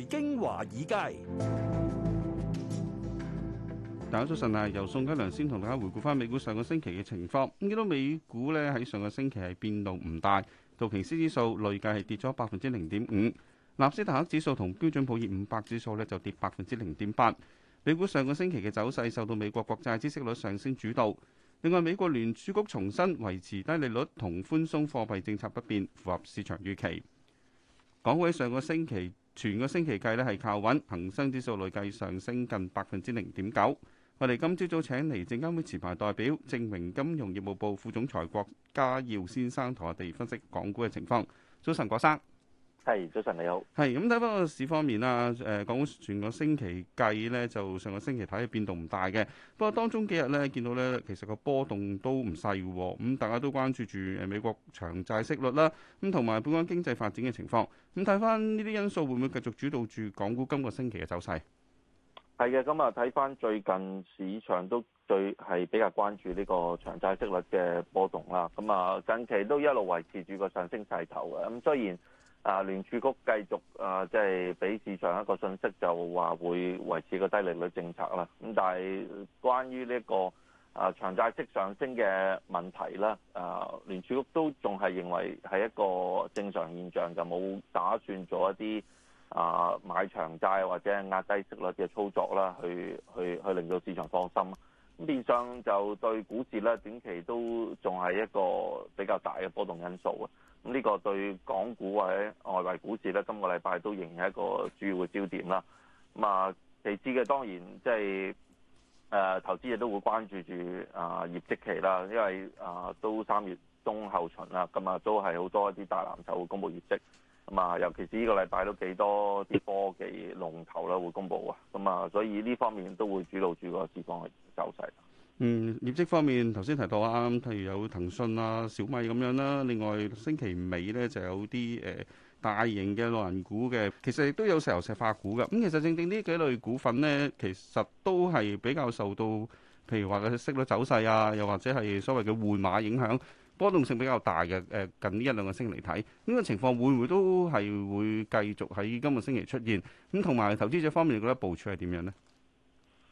財經華爾街。大家早晨啊！由宋嘉良先同大家回顧翻美股上個星期嘅情況。咁見到美股呢喺上個星期係變動唔大，道瓊斯指數累計係跌咗百分之零點五，納斯達克指數同標準普爾五百指數呢就跌百分之零點八。美股上個星期嘅走勢受到美國國債孳息率上升主導。另外，美國聯儲局重申維持低利率同寬鬆貨幣政策不變，符合市場預期。港委上個星期。全個星期計咧係靠穩，恒生指數累計上升近百分之零點九。我哋今朝早請嚟證監會持牌代表、正榮金融業務部副總裁郭家耀先生同我哋分析港股嘅情況。早晨，郭生。係早晨你好。係咁睇翻個市方面啦，誒，港股全個星期計咧，就上個星期睇變動唔大嘅。不過當中幾日咧，見到咧，其實個波動都唔細喎。咁大家都關注住誒美國長債息率啦，咁同埋本港經濟發展嘅情況。咁睇翻呢啲因素會唔會繼續主導住港股今個星期嘅走勢？係嘅，咁啊睇翻最近市場都最係比較關注呢個長債息率嘅波動啦。咁啊近期都一路維持住個上升勢頭嘅。咁雖然啊，聯儲局繼續啊，即係俾市場一個信息，就話會維持個低利率政策啦。咁但係關於呢個啊長債息上升嘅問題啦，啊聯儲局都仲係認為係一個正常現象，就冇打算做一啲啊買長債或者壓低息率嘅操作啦，去去去令到市場放心。咁變相就對股市咧，短期都仲係一個比較大嘅波動因素啊！咁呢個對港股或者外圍股市咧，今個禮拜都仍然係一個主要嘅焦點啦。咁、就是、啊，其次嘅當然即係誒投資者都會關注住啊業績期啦，因為啊都三月中後旬啦，咁啊都係好多一啲大藍籌會公布業績。啊尤其是呢個禮拜都幾多啲科技龍頭啦，會公布啊，咁啊，所以呢方面都會主導住個市況嘅走勢。嗯，業績方面，頭先提到啊，譬如有騰訊啊、小米咁樣啦，另外星期尾呢就有啲誒、呃、大型嘅龍人股嘅，其實亦都有石油石化股嘅。咁、嗯、其實正正呢幾類股份呢，其實都係比較受到，譬如話佢息率走勢啊，又或者係所謂嘅換馬影響。波動性比較大嘅，誒近呢一兩個星期嚟睇，呢個情況會唔會都係會繼續喺今個星期出現？咁同埋投資者方面，你覺得部署係點樣呢？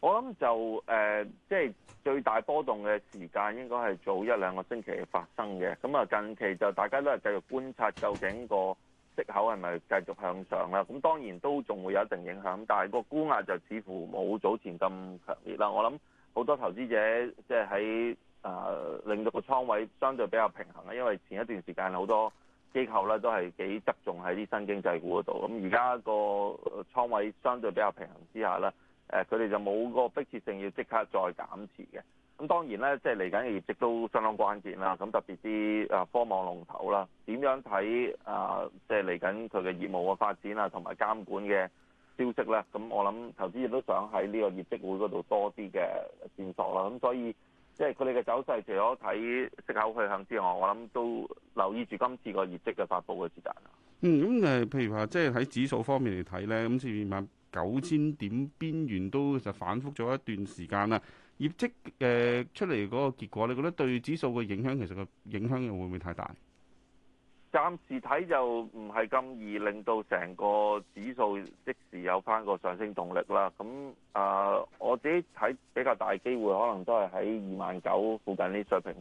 我諗就誒，即係最大波動嘅時間應該係早一兩個星期發生嘅。咁啊，近期就大家都係繼續觀察，究竟個息口係咪繼續向上啦？咁當然都仲會有一定影響，但係個沽壓就似乎冇早前咁強烈啦。我諗好多投資者即係喺。誒、呃、令到個倉位相對比較平衡啦，因為前一段時間好多機構咧都係幾側重喺啲新經濟股嗰度。咁而家個倉位相對比較平衡之下咧，誒佢哋就冇個迫切性要即刻再減持嘅。咁當然咧，即係嚟緊嘅業績都相當關鍵啦。咁特別啲誒科網龍頭啦，點樣睇啊、呃？即係嚟緊佢嘅業務嘅發展啊，同埋監管嘅消息咧。咁我諗投資者都想喺呢個業績會嗰度多啲嘅線索啦。咁所以。即係佢哋嘅走勢，除咗睇息口去向之外，我諗都留意住今次個業績嘅發布嘅時間。嗯，咁誒，譬如話，即係喺指數方面嚟睇咧，咁喺萬九千點邊緣都就反覆咗一段時間啦。業績誒、呃、出嚟嗰個結果，你覺得對指數嘅影響其實個影響又會唔會太大？暫時睇就唔係咁易令到成個指數即時有翻個上升動力啦。咁啊、呃，我自己睇比較大機會可能都係喺二萬九附近呢水平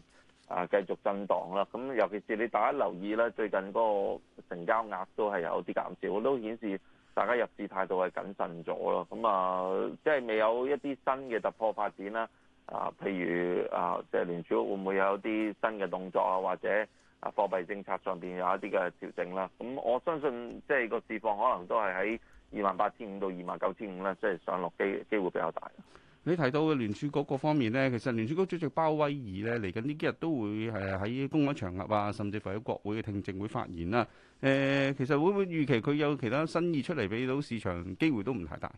啊、呃、繼續震盪啦。咁尤其是你大家留意啦，最近嗰個成交額都係有啲減少，都顯示大家入市態度係謹慎咗咯。咁啊、呃，即係未有一啲新嘅突破發展啦。啊、呃，譬如啊、呃，即係聯儲會唔會有啲新嘅動作啊，或者。啊，貨幣政策上邊有一啲嘅調整啦，咁我相信即係個市況可能都係喺二萬八千五到二萬九千五啦，即係上落機機會比較大。你提到嘅聯儲局各方面呢，其實聯儲局主席鮑威爾呢，嚟緊呢幾日都會誒喺公開場合啊，甚至乎喺國會嘅聽證會發言啦。誒，其實會唔會預期佢有其他新意出嚟俾到市場機會都唔太大？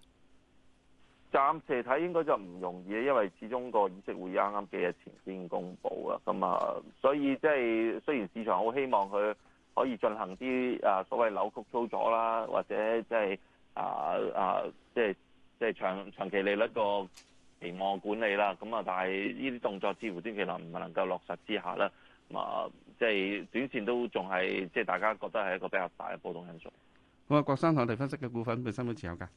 暫時睇應該就唔容易，因為始終個議息會啱啱幾日前先公布啊。咁啊，所以即係、就是、雖然市場好希望佢可以進行啲啊所謂扭曲操作啦，或者即係啊啊，即係即係長長期利率個期望管理啦。咁啊，但係呢啲動作似乎短期能唔能夠落實之下咧，啊，即係短線都仲係即係大家覺得係一個比較大嘅波動因素。好啊，郭生同我哋分析嘅股份，本身冇持有噶？誒、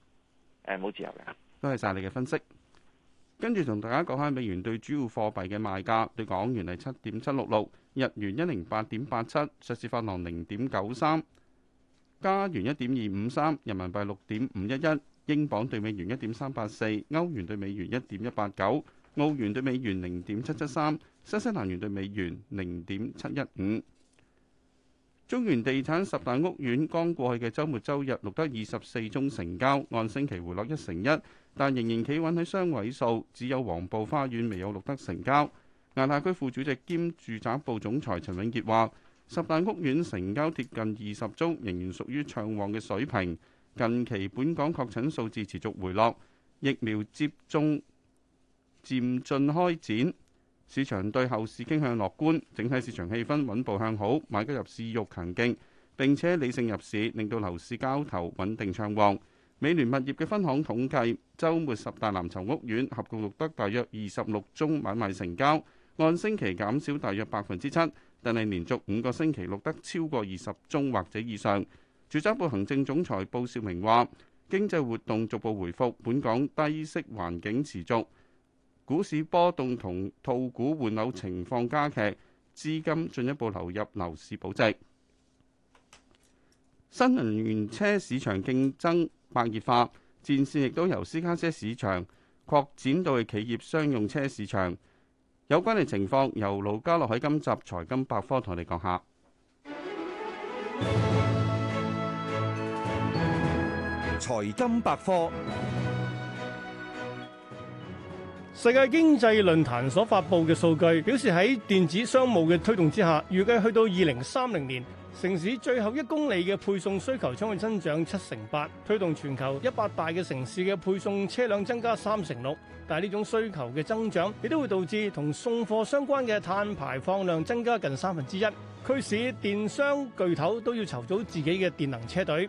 欸，冇持有嘅。都係晒你嘅分析，跟住同大家講下美元對主要貨幣嘅賣價，對港元係七點七六六，日元一零八點八七，瑞士法郎零點九三，加元一點二五三，人民幣六點五一一，英鎊對美元一點三八四，歐元對美元一點一八九，澳元對美元零點七七三，新西蘭元對美元零點七一五。中原地產十大屋苑剛過去嘅週末週日錄得二十四宗成交，按星期回落一成一，但仍然企穩喺雙位數，只有黃埔花園未有錄得成交。亞太區副主席兼住宅部總裁陳永傑話，十大屋苑成交跌近二十宗，仍然屬於暢旺嘅水平。近期本港確診數字持續回落，疫苗接種漸進開展。市場對後市傾向樂觀，整體市場氣氛穩步向好，買家入市欲強勁，並且理性入市，令到樓市交投穩定暢旺。美聯物業嘅分行統計，週末十大藍籌屋苑合共錄得大約二十六宗買賣成交，按星期減少大約百分之七，但係連續五個星期錄得超過二十宗或者以上。住宅部行政總裁布少明話：經濟活動逐步回復，本港低息環境持續。股市波動同套股換樓情況加劇，資金進一步流入樓市保值。新能源車市場競爭白熱化，戰線亦都由私家車市場擴展到企業商用車市場。有關嘅情況由盧家樂喺今集財金百科同你哋講下。財金百科。世界經濟論壇所發布嘅數據表示，喺電子商務嘅推動之下，預計去到二零三零年，城市最後一公里嘅配送需求將會增長七成八，推動全球一百大嘅城市嘅配送車輛增加三成六。但係呢種需求嘅增長，亦都會導致同送貨相關嘅碳排放量增加近三分之一，驅使電商巨頭都要籌組自己嘅電能車隊。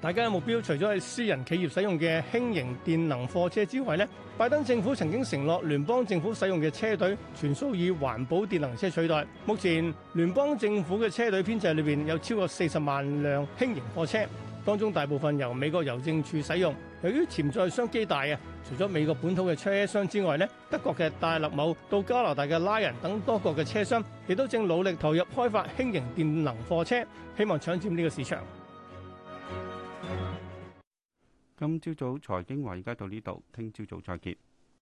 大家嘅目標除咗係私人企業使用嘅輕型電能貨車之外呢，拜登政府曾經承諾聯邦政府使用嘅車隊全數以環保電能車取代。目前聯邦政府嘅車隊編制裏面有超過四十萬輛輕型貨車，當中大部分由美國郵政處使用。由於潛在商機大啊，除咗美國本土嘅車商之外呢，德國嘅戴姆勒到加拿大嘅 Lion 等多國嘅車商亦都正努力投入開發輕型電能貨車，希望搶佔呢個市場。今朝早財經話而家到呢度，聽朝早再見。